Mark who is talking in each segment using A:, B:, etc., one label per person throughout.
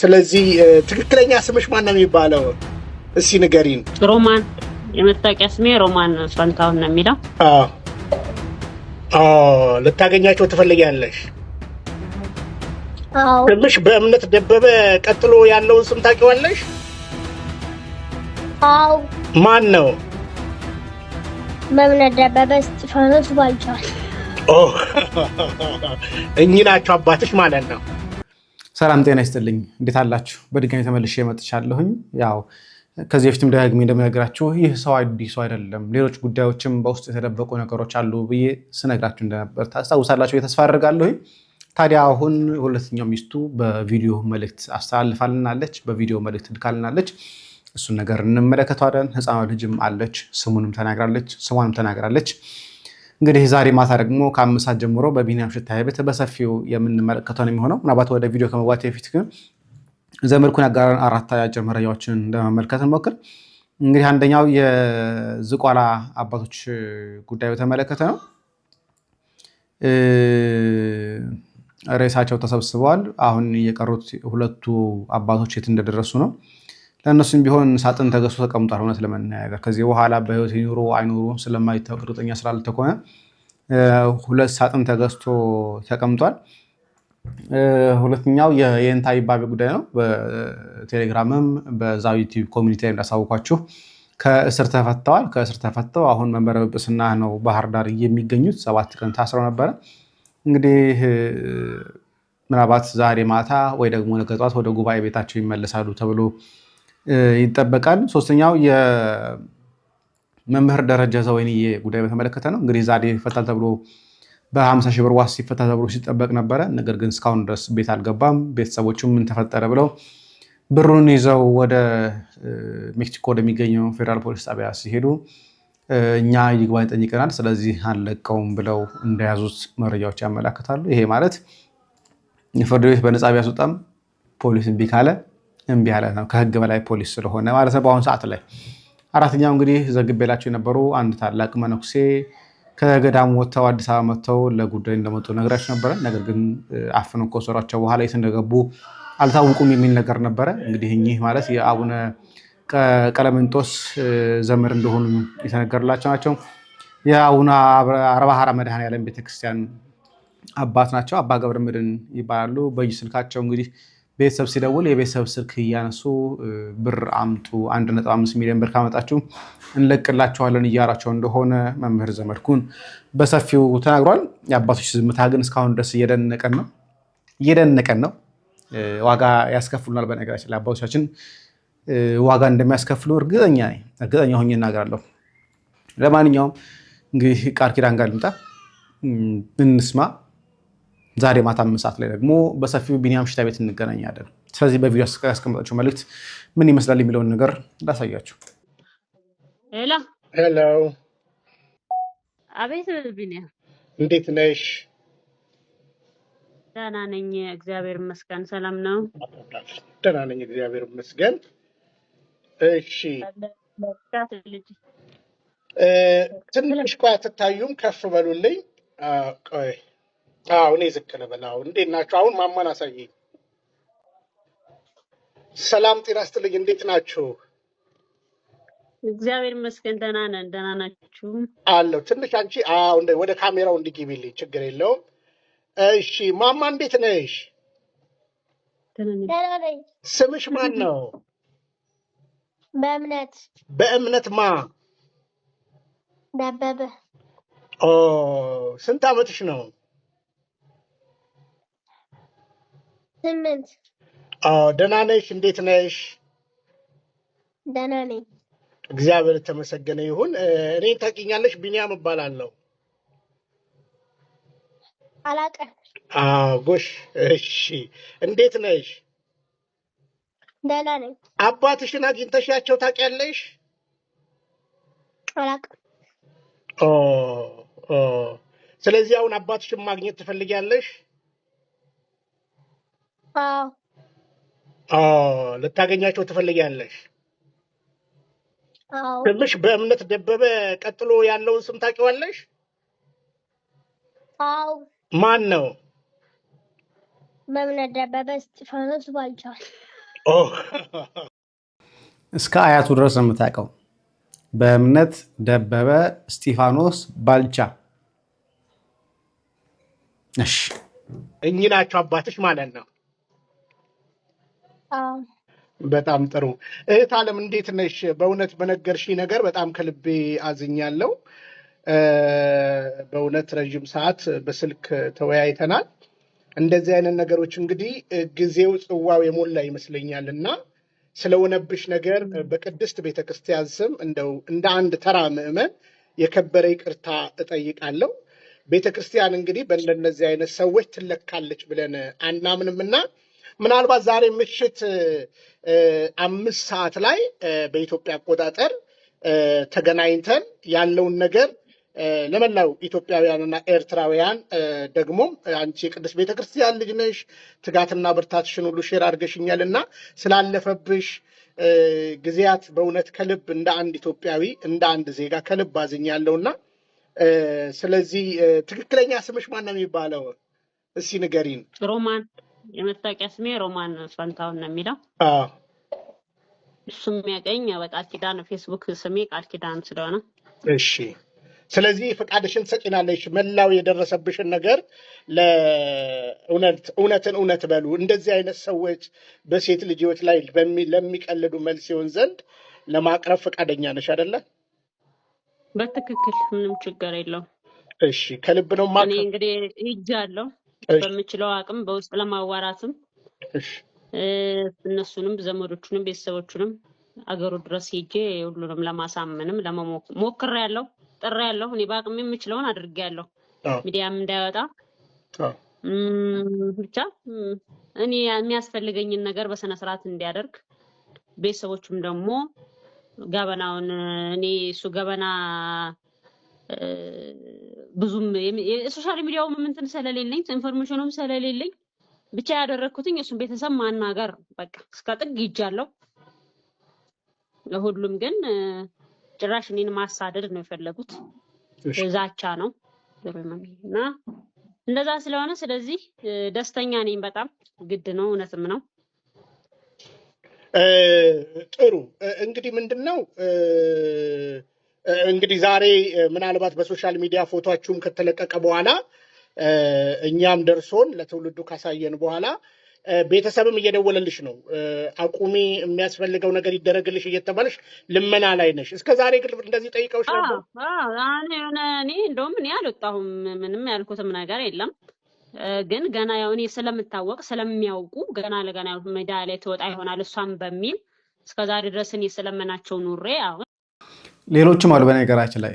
A: ስለዚህ ትክክለኛ ስምሽ ማን ነው የሚባለው? እስኪ ንገሪን።
B: ሮማን። የመታወቂያ ስሜ ሮማን ፈንታውን ነው የሚለው።
A: ልታገኛቸው ትፈልጊያለሽ? ትንሽ በእምነት ደበበ ቀጥሎ ያለውን ስም ታውቂዋለሽ? አዎ። ማን ነው?
B: በእምነት ደበበ እስጢፋኖስ ባልቻል።
A: እኚህ ናቸው አባትሽ ማለት ነው።
C: ሰላም ጤና ይስጥልኝ። እንዴት አላችሁ? በድጋሚ ተመልሼ መጥቻለሁኝ። ያው ከዚህ በፊትም ደጋግሜ እንደምነግራችሁ ይህ ሰው አዲስ ሰው አይደለም። ሌሎች ጉዳዮችም በውስጥ የተደበቁ ነገሮች አሉ ብዬ ስነግራችሁ እንደነበር ታስታውሳላችሁ ተስፋ አድርጋለሁኝ። ታዲያ አሁን ሁለተኛው ሚስቱ በቪዲዮ መልእክት አስተላልፋልናለች፣ በቪዲዮ መልእክት ልካልናለች። እሱን ነገር እንመለከተዋለን። ህፃኗ ልጅም አለች፣ ስሙንም ተናግራለች፣ ስሟንም ተናግራለች። እንግዲህ ዛሬ ማታ ደግሞ ከአምስት ሰዓት ጀምሮ በቢኒያም ሽታ ቤት በሰፊው የምንመለከተው ነው የሚሆነው። ምናልባት ወደ ቪዲዮ ከመግባት በፊት ግን ዘመድኩን ያጋራን አራት አጫጭር መረጃዎችን ለመመልከት እንሞክር። እንግዲህ አንደኛው የዝቋላ አባቶች ጉዳይ በተመለከተ ነው። ሬሳቸው ተሰብስበዋል። አሁን የቀሩት ሁለቱ አባቶች የት እንደደረሱ ነው ለእነሱም ቢሆን ሳጥን ተገዝቶ ተቀምጧል። እውነት ለመናገር ከዚህ በኋላ በህይወት ይኑሩ አይኑሩ ስለማይታወቅ እርግጠኛ ስላልተኮነ ሁለት ሳጥን ተገዝቶ ተቀምጧል። ሁለተኛው የእንታ ይባቤ ጉዳይ ነው። በቴሌግራምም በዛ ዩቲዩብ ኮሚኒቲ ላይ እንዳሳውኳችሁ ከእስር ተፈተዋል። ከእስር ተፈተው አሁን መንበረ ጵጵስና ነው ባህር ዳር የሚገኙት። ሰባት ቀን ታስረው ነበረ። እንግዲህ ምናልባት ዛሬ ማታ ወይ ደግሞ ነገ ጠዋት ወደ ጉባኤ ቤታቸው ይመለሳሉ ተብሎ ይጠበቃል። ሶስተኛው የመምህር ደረጃ ዘወይንዬ ጉዳይ በተመለከተ ነው። እንግዲህ ዛሬ ይፈታል ተብሎ በሀምሳ ሺህ ብር ዋስ ሲፈታ ተብሎ ሲጠበቅ ነበረ። ነገር ግን እስካሁን ድረስ ቤት አልገባም። ቤተሰቦቹም ምን ተፈጠረ ብለው ብሩን ይዘው ወደ ሜክሲኮ ወደሚገኘው ፌዴራል ፖሊስ ጣቢያ ሲሄዱ እኛ ይግባኝ ጠይቀናል፣ ስለዚህ አንለቀውም ብለው እንደያዙት መረጃዎች ያመላክታሉ። ይሄ ማለት ፍርድ ቤት በነፃ ቢያስወጣም ፖሊስ እምቢ ካለ እምቢ ያለ ነው፣ ከህግ በላይ ፖሊስ ስለሆነ ማለት ነው በአሁኑ ሰዓት ላይ። አራተኛው እንግዲህ ዘግቤላቸው የነበሩ አንድ ታላቅ መነኩሴ ከገዳሙ ወጥተው አዲስ አበባ መጥተው ለጉዳይ እንደመጡ ነግራችሁ ነበረ። ነገር ግን አፍነው ከወሰዷቸው በኋላ የት እንደገቡ አልታወቁም የሚል ነገር ነበረ። እንግዲህ እኚህ ማለት የአቡነ ቀለምንጦስ ዘመድ እንደሆኑ የተነገርላቸው ናቸው። የአቡነ አረባሃራ መድኃኔዓለም ቤተክርስቲያን አባት ናቸው። አባ ገብረ ይባላሉ። በእጅ ስልካቸው እንግዲህ ቤተሰብ ሲደውል የቤተሰብ ስልክ እያነሱ ብር አምጡ፣ 15 አምስት ሚሊዮን ብር ካመጣችሁ እንለቅላቸዋለን እያራቸው እንደሆነ መምህር ዘመድኩን በሰፊው ተናግሯል። የአባቶች ዝምታ ግን እስካሁን ድረስ እየደነቀን ነው እየደነቀን ነው። ዋጋ ያስከፍሉናል። በነገራችን ለአባቶቻችን ዋጋ እንደሚያስከፍሉ እርግጠኛ እርግጠኛ ሆኜ እናገራለሁ። ለማንኛውም እንግዲህ ቃል ኪዳን ጋር ልምጣ እንስማ። ዛሬ ማታ አምስት ሰዓት ላይ ደግሞ በሰፊው ቢኒያም ሽታ ቤት እንገናኛለን። ስለዚህ በቪዲዮ ያስቀመጣችሁ መልእክት ምን ይመስላል የሚለውን ነገር እንዳሳያችሁ።
B: ሄሎ፣ አቤት ቢኒያም፣ እንዴት ነሽ? ደህና ነኝ እግዚአብሔር ይመስገን። ሰላም ነው?
A: ደህና ነኝ እግዚአብሔር ይመስገን። እሺ ትንሽ ቆይ፣ አትታዩም? ከፍ በሉልኝ። ቆይ አዎ እኔ ዝቅ ልበል። አዎ እንዴት ናችሁ? አሁን ማማን አሳየኝ። ሰላም ጤና ይስጥልኝ። እንዴት ናችሁ?
B: እግዚአብሔር ይመስገን ደህና ነን። ደህና ናችሁ?
A: አለሁ። ትንሽ አንቺ አዎ፣ እንደ- ወደ ካሜራው እንዲግቢልኝ ችግር የለውም። እሺ ማማ እንዴት ነሽ? ስምሽ ማን ነው? በእምነት በእምነት ማ ደበበ ኦ ስንት አመትሽ ነው? ስምንት አዎ ደህና ነሽ? እንዴት ነሽ? ደህና ነኝ። እግዚአብሔር የተመሰገነ ይሁን። እኔ እኔን ታውቂኛለሽ? ቢንያም እባላለሁ። አዎ ጎሽ። እሺ እንዴት ነሽ? ደህና ነኝ። አባትሽን አግኝተሻቸው ታውቂያለሽ? አላውቅም። ኦ። ስለዚህ አሁን አባትሽን ማግኘት ትፈልጊያለሽ? አዎ አዎ፣ ልታገኛቸው ትፈልጊያለሽ። አዎ በእምነት ደበበ ቀጥሎ ያለውን ስም ታውቂዋለሽ? አዎ ማን ነው?
B: በእምነት ደበበ እስጢፋኖስ ባልቻል
A: ኦ፣
C: እስከ አያቱ ድረስ ነው የምታውቀው። በእምነት ደበበ እስጢፋኖስ ባልቻ። እሺ
A: እኚህ ናቸው አባትሽ ማለት ነው። በጣም ጥሩ እህት አለም እንዴት ነሽ? በእውነት በነገርሽ ነገር በጣም ከልቤ አዝኛለው በእውነት ረዥም ሰዓት በስልክ ተወያይተናል። እንደዚህ አይነት ነገሮች እንግዲህ ጊዜው ጽዋው የሞላ ይመስለኛል እና ስለሆነብሽ ነገር በቅድስት ቤተክርስቲያን ስም እንደው እንደ አንድ ተራ ምእመን የከበረ ይቅርታ እጠይቃለሁ። ቤተክርስቲያን እንግዲህ በእንደነዚህ አይነት ሰዎች ትለካለች ብለን አናምንምና ምናልባት ዛሬ ምሽት አምስት ሰዓት ላይ በኢትዮጵያ አቆጣጠር ተገናኝተን ያለውን ነገር ለመላው ኢትዮጵያውያንና ኤርትራውያን ደግሞ አንቺ የቅዱስ ቤተክርስቲያን ልጅ ነሽ፣ ትጋትና ብርታትሽን ሁሉ ሼር አድርገሽኛል እና ስላለፈብሽ ጊዜያት በእውነት ከልብ እንደ አንድ ኢትዮጵያዊ እንደ አንድ ዜጋ ከልብ እና ስለዚህ ትክክለኛ ስምሽ ማን ነው የሚባለው? እስኪ ንገሪን።
B: ሮማን የመታወቂያ ስሜ ሮማን ፈንታውን ነው የሚለው። እሱ የሚያገኝ በቃል ኪዳን ፌስቡክ ስሜ ቃል ኪዳን ስለሆነ
A: እሺ። ስለዚህ ፈቃድሽን ትሰጭናለሽ። መላው የደረሰብሽን ነገር እውነትን እውነት በሉ። እንደዚህ አይነት ሰዎች በሴት ልጆች ላይ ለሚቀልዱ መልስ ይሆን ዘንድ ለማቅረብ ፈቃደኛ ነሽ አይደለ?
B: በትክክል ምንም ችግር የለውም።
A: እሺ፣ ከልብ ነው። ማ
B: እንግዲህ ሂጅ አለው በምችለው አቅም በውስጥ ለማዋራትም እነሱንም ዘመዶቹንም ቤተሰቦቹንም አገሩ ድረስ ሄጄ ሁሉንም ለማሳመንም ለመሞክር ያለው ጥሬ ያለው እኔ በአቅም የምችለውን አድርጌ ያለው ሚዲያም እንዳይወጣ ብቻ እኔ የሚያስፈልገኝን ነገር በስነ ስርዓት እንዲያደርግ ቤተሰቦቹም ደግሞ ገበናውን እኔ እሱ ገበና ብዙም ሶሻል ሚዲያውም ምንትን ስለሌለኝ ኢንፎርሜሽኑም ስለሌለኝ ብቻ ያደረግኩትኝ እሱን ቤተሰብ ማናገር በቃ እስከ ጥግ ይጃለው። ለሁሉም ግን ጭራሽ እኔን ማሳደድ ነው የፈለጉት። ዛቻ ነው እና እንደዛ ስለሆነ ስለዚህ ደስተኛ ነኝ። በጣም ግድ ነው፣ እውነትም ነው።
A: ጥሩ እንግዲህ ምንድን ነው እንግዲህ ዛሬ ምናልባት በሶሻል ሚዲያ ፎቶችሁም ከተለቀቀ በኋላ እኛም ደርሶን ለትውልዱ ካሳየን በኋላ ቤተሰብም እየደወለልሽ ነው፣ አቁሚ፣ የሚያስፈልገው ነገር ይደረግልሽ እየተባለሽ ልመና ላይ ነሽ። እስከ ዛሬ ግን እንደዚህ ጠይቀውሽ ነበር?
B: እኔ እንደውም እኔ አልወጣሁም፣ ምንም ያልኩትም ነገር የለም። ግን ገና ያው እኔ ስለምታወቅ ስለሚያውቁ ገና ለገና ሜዳ ላይ ትወጣ ይሆናል እሷም በሚል እስከዛሬ ድረስ እኔ ስለመናቸው ኑሬ አሁን
C: ሌሎችም አሉ። በነገራችን ላይ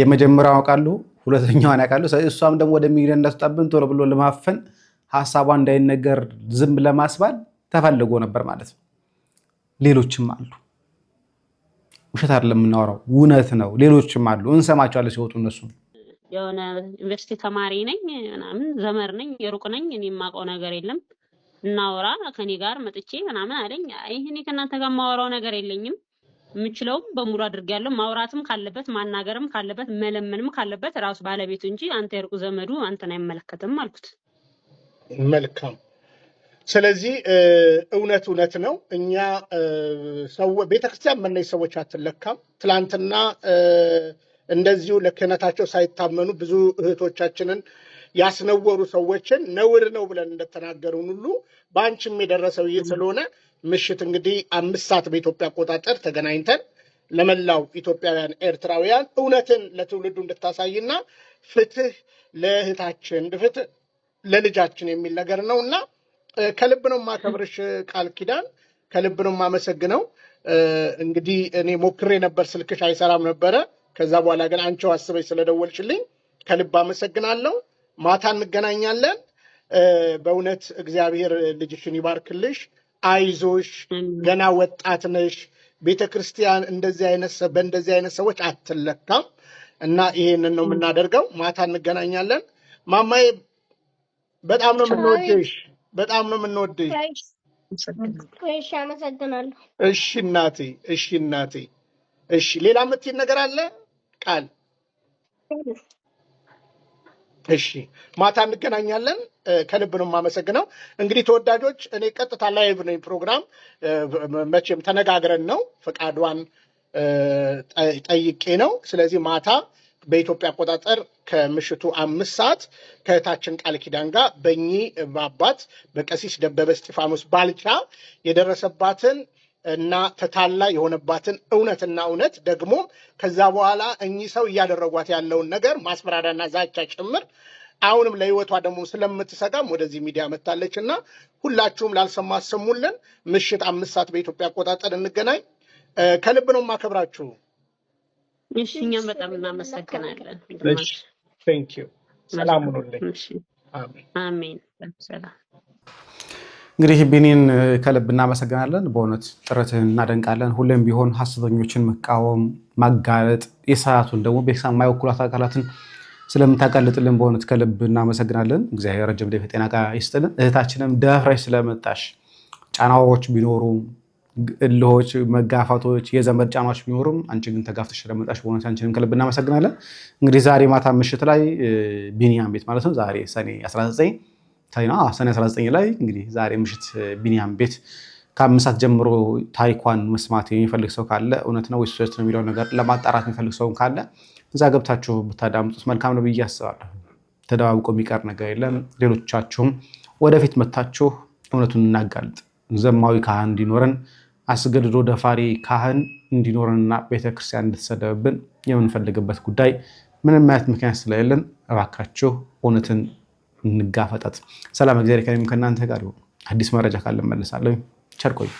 C: የመጀመሪያውን ያውቃሉ፣ ሁለተኛዋን ያውቃሉ። እሷም ደግሞ ወደ ሚዲያ እንዳትወጣብን ቶሎ ብሎ ለማፈን ሀሳቧ እንዳይነገር ዝም ለማስባል ተፈልጎ ነበር ማለት ነው። ሌሎችም አሉ። ውሸት አይደለም የምናወራው፣ እውነት ነው። ሌሎችም አሉ፣ እንሰማቸዋለን ሲወጡ። እነሱ
B: የሆነ ዩኒቨርሲቲ ተማሪ ነኝ ምናምን ዘመር ነኝ የሩቅ ነኝ እኔ የማውቀው ነገር የለም እናወራ ከኔ ጋር መጥቼ ምናምን አለኝ። ይህ ከእናንተ ጋር የማወራው ነገር የለኝም የምችለውም በሙሉ አድርጌያለሁ። ማውራትም ካለበት ማናገርም ካለበት መለመንም ካለበት ራሱ ባለቤቱ እንጂ አንተ የሩቅ ዘመዱ አንተን አይመለከትም አልኩት።
A: መልካም። ስለዚህ እውነት እውነት ነው። እኛ ቤተክርስቲያን መናይ ሰዎች አትለካም። ትላንትና እንደዚሁ ለክህነታቸው ሳይታመኑ ብዙ እህቶቻችንን ያስነወሩ ሰዎችን ነውር ነው ብለን እንደተናገሩን ሁሉ በአንቺም የደረሰው ይህ ስለሆነ ምሽት እንግዲህ አምስት ሰዓት በኢትዮጵያ አቆጣጠር ተገናኝተን ለመላው ኢትዮጵያውያን ኤርትራውያን እውነትን ለትውልዱ እንድታሳይና ፍትህ ለእህታችን ፍትህ ለልጃችን የሚል ነገር ነው እና ከልብ ነው ማከብርሽ ቃል ኪዳን ከልብ ነው ማመሰግነው። እንግዲህ እኔ ሞክሬ ነበር፣ ስልክሽ አይሰራም ነበረ። ከዛ በኋላ ግን አንቺው አስበሽ ስለደወልሽልኝ ከልብ አመሰግናለሁ። ማታ እንገናኛለን። በእውነት እግዚአብሔር ልጅሽን ይባርክልሽ። አይዞሽ፣ ገና ወጣት ነሽ፣ ቤተ ክርስቲያን እንደዚህ አይነት በእንደዚህ አይነት ሰዎች አትለካም እና ይሄንን ነው የምናደርገው። ማታ እንገናኛለን። ማማዬ በጣም ነው የምንወደሽ፣ በጣም ነው የምንወደሽ።
B: እሺ፣ አመሰግናለሁ።
A: እሺ እናቴ፣ እሺ እናቴ፣ እሺ። ሌላ የምትይን ነገር አለ ቃል? እሺ ማታ እንገናኛለን። ከልብ ነው የማመሰግነው። እንግዲህ ተወዳጆች፣ እኔ ቀጥታ ላይቭ ነኝ። ፕሮግራም መቼም ተነጋግረን ነው ፈቃዷን ጠይቄ ነው። ስለዚህ ማታ በኢትዮጵያ አቆጣጠር ከምሽቱ አምስት ሰዓት ከእህታችን ቃል ኪዳን ጋር በእኚህ አባት በቀሲስ ደበበ እስጢፋኖስ ባልቻ የደረሰባትን እና ተታላ የሆነባትን እውነትና እውነት ደግሞ ከዛ በኋላ እኚህ ሰው እያደረጓት ያለውን ነገር ማስፈራሪያና ዛቻ ጭምር አሁንም ለህይወቷ ደግሞ ስለምትሰጋም ወደዚህ ሚዲያ መታለች እና ሁላችሁም ላልሰማ አሰሙልን። ምሽት አምስት ሰዓት በኢትዮጵያ አቆጣጠር እንገናኝ። ከልብ ነው ማከብራችሁ።
B: እኛም በጣም እናመሰግናለን።
A: ሰላም ሁኑልኝ።
B: አሜን። ሰላም
C: እንግዲህ ቢኒን ከልብ እናመሰግናለን። በእውነት ጥረትህን እናደንቃለን። ሁሌም ቢሆን ሀሰተኞችን መቃወም፣ ማጋለጥ የሰዓቱን ደግሞ ቤተሰብ የማይወክሏት አካላትን ስለምታቀልጥልን በእውነት ከልብ እናመሰግናለን። እግዚአብሔር ረጅም ጤና ይስጥልን። እህታችንም ደፍረሽ ስለመጣሽ ጫናዎች ቢኖሩ እልሆች፣ መጋፋቶች፣ የዘመድ ጫናዎች ቢኖሩም አንቺ ግን ተጋፍተሽ ስለመጣሽ በሆነ አንቺንም ከልብ እናመሰግናለን። እንግዲህ ዛሬ ማታ ምሽት ላይ ቢኒያም ቤት ማለት ነው ዛሬ ሰኔ 19 ቻይና ሰኔ 19 ላይ እንግዲህ ዛሬ ምሽት ቢኒያም ቤት ከአምስት ሰዓት ጀምሮ ታሪኳን መስማት የሚፈልግ ሰው ካለ እውነት ነው ወይስ ውሸት ነው የሚለው ነገር ለማጣራት የሚፈልግ ሰውም ካለ እዛ ገብታችሁ ብታዳምጡት መልካም ነው ብዬ አስባለሁ። ተደባብቆ የሚቀር ነገር የለም። ሌሎቻችሁም ወደፊት መታችሁ እውነቱን እናጋልጥ። ዘማዊ ካህን እንዲኖረን አስገድዶ ደፋሪ ካህን እንዲኖረንና ቤተክርስቲያን እንድትሰደብብን የምንፈልግበት ጉዳይ ምንም አይነት ምክንያት ስለሌለን እባካችሁ እውነትን እንጋፈጣት። ሰላም እግዚአብሔር ከእኔም ከእናንተ ጋር ይሁን። አዲስ መረጃ ካለ መለሳለሁ። ቸር ቆዩ።